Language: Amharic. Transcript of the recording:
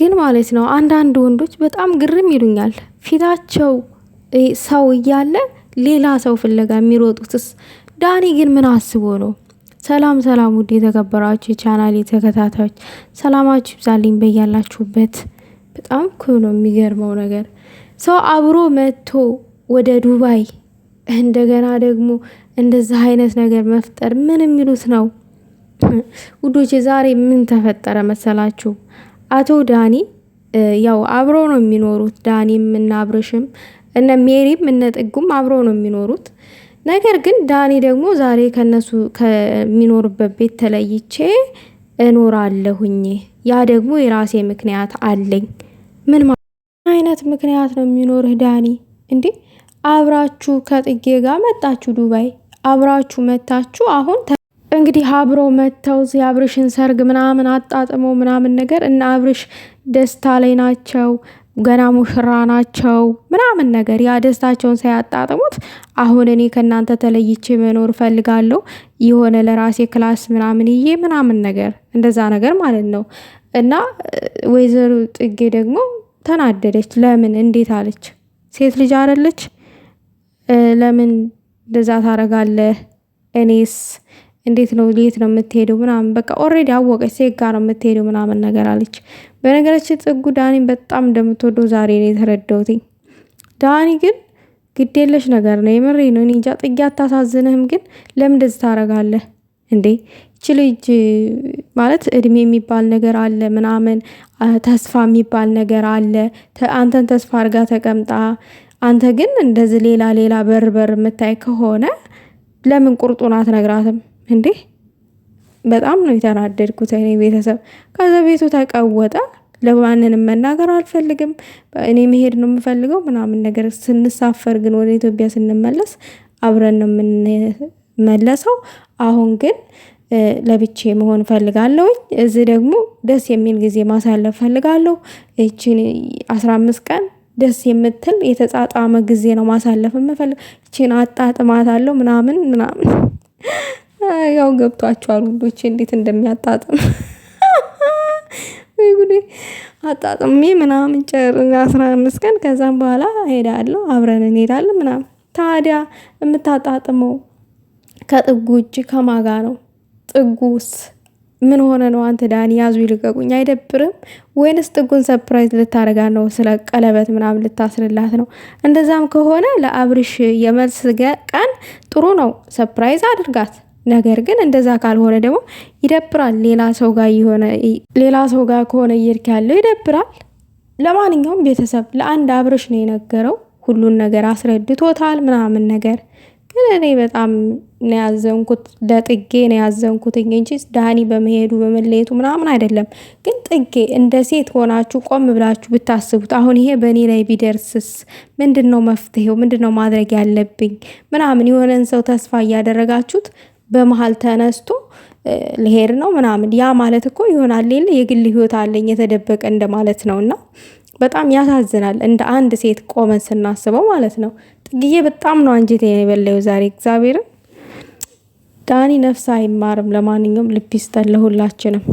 ግን ማለት ነው አንዳንድ ወንዶች በጣም ግርም ይሉኛል። ፊታቸው ሰው እያለ ሌላ ሰው ፍለጋ የሚሮጡትስ ዳኒ ግን ምን አስቦ ነው? ሰላም ሰላም፣ ውድ የተከበራችሁ የቻናል ተከታታዮች ሰላማችሁ ይብዛልኝ በያላችሁበት። በጣም እኮ ነው የሚገርመው ነገር ሰው አብሮ መጥቶ ወደ ዱባይ እንደገና ደግሞ እንደዚህ አይነት ነገር መፍጠር ምን የሚሉት ነው? ውዶች ዛሬ ምን ተፈጠረ መሰላችሁ? አቶ ዳኒ ያው አብሮ ነው የሚኖሩት። ዳኒም እና አብርሽም እነ ሜሪም እነ ጥጉም አብሮ ነው የሚኖሩት። ነገር ግን ዳኒ ደግሞ ዛሬ ከነሱ ከሚኖርበት ቤት ተለይቼ እኖራለሁኝ። ያ ደግሞ የራሴ ምክንያት አለኝ። ምን አይነት ምክንያት ነው የሚኖርህ ዳኒ? እንዴ አብራችሁ ከጥጌ ጋር መጣችሁ ዱባይ አብራችሁ መታችሁ አሁን እንግዲህ አብሮ መጥተው የአብርሽን ሰርግ ምናምን አጣጥሞ ምናምን ነገር እና አብርሽ ደስታ ላይ ናቸው፣ ገና ሙሽራ ናቸው ምናምን ነገር ያ ደስታቸውን ሳያጣጥሙት አሁን እኔ ከእናንተ ተለይቼ መኖር ፈልጋለሁ የሆነ ለራሴ ክላስ ምናምን ይዬ ምናምን ነገር እንደዛ ነገር ማለት ነው። እና ወይዘሮ ጽጌ ደግሞ ተናደደች። ለምን እንዴት አለች? ሴት ልጅ አረለች። ለምን እንደዛ ታረጋለህ? እኔስ እንዴት ነው የት ነው የምትሄደው ምናምን በቃ ኦሬዲ አወቀች ሴት ጋር ነው የምትሄደው ምናምን ነገር አለች። በነገራችን ጽጉ ዳኒን በጣም እንደምትወደው ዛሬ ነው የተረዳሁት። ዳኒ ግን ግዴለሽ ነገር ነው የምሬ ነው። እኔ እንጃ ጥጌ አታሳዝንህም? ግን ለምን እንደዚህ ታረጋለህ እንዴ? ይች ልጅ ማለት እድሜ የሚባል ነገር አለ ምናምን ተስፋ የሚባል ነገር አለ። አንተን ተስፋ አድርጋ ተቀምጣ፣ አንተ ግን እንደዚህ ሌላ ሌላ በርበር የምታይ ከሆነ ለምን ቁርጡን አትነግራትም? እንዴ በጣም ነው የተናደድኩት እኔ ቤተሰብ። ከዛ ቤቱ ተቀወጠ። ለማንንም መናገር አልፈልግም፣ እኔ መሄድ ነው የምፈልገው ምናምን ነገር። ስንሳፈር ግን ወደ ኢትዮጵያ ስንመለስ አብረን ነው የምንመለሰው። አሁን ግን ለብቼ መሆን ፈልጋለሁኝ። እዚህ ደግሞ ደስ የሚል ጊዜ ማሳለፍ ፈልጋለሁ። ይችን አስራ አምስት ቀን ደስ የምትል የተጻጣመ ጊዜ ነው ማሳለፍ የምፈልግ። ይችን አጣጥማታለሁ ምናምን ምናምን ያው ገብቷቸዋል ውዶቼ እንዴት እንደሚያጣጥም ወይ ጉዴ! አጣጥሜ ምናምን ጨር አስራ አምስት ቀን ከዛም በኋላ ሄዳለሁ አብረን እንሄዳለን ምናምን። ታዲያ የምታጣጥመው ከጥጉ ውጭ ከማጋ ነው? ጥጉስ ምን ሆነ ነው? አንተ ዳኒ ያዙ ይልቀቁኝ አይደብርም? ወይንስ ጥጉን ሰፕራይዝ ልታደርጋት ነው? ስለ ቀለበት ምናምን ልታስርላት ነው? እንደዛም ከሆነ ለአብርሽ የመልስ ቀን ጥሩ ነው፣ ሰፕራይዝ አድርጋት። ነገር ግን እንደዛ ካልሆነ ደግሞ ይደብራል። ሌላ ሰው ጋር የሆነ ሌላ ሰው ጋር ከሆነ እየሄድክ ያለው ይደብራል። ለማንኛውም ቤተሰብ ለአንድ አብርሽ ነው የነገረው፣ ሁሉን ነገር አስረድቶታል ምናምን ነገር ግን እኔ በጣም ነው ያዘንኩት፣ ለጥጌ ነው ያዘንኩት እንጂ ዳኒ በመሄዱ በመለየቱ ምናምን አይደለም። ግን ጥጌ እንደ ሴት ሆናችሁ ቆም ብላችሁ ብታስቡት፣ አሁን ይሄ በእኔ ላይ ቢደርስስ ምንድን ነው መፍትሄው? ምንድን ነው ማድረግ ያለብኝ? ምናምን የሆነን ሰው ተስፋ እያደረጋችሁት በመሀል ተነስቶ ልሄድ ነው ምናምን ያ ማለት እኮ ይሆናል ሌለ የግል ህይወት አለኝ የተደበቀ እንደማለት ነው። እና በጣም ያሳዝናል እንደ አንድ ሴት ቆመን ስናስበው ማለት ነው። ጥግዬ በጣም ነው አንጀት የበላው ዛሬ እግዚአብሔርን። ዳኒ ነፍስ አይማርም። ለማንኛውም ልብ ይስጠን ለሁላችንም።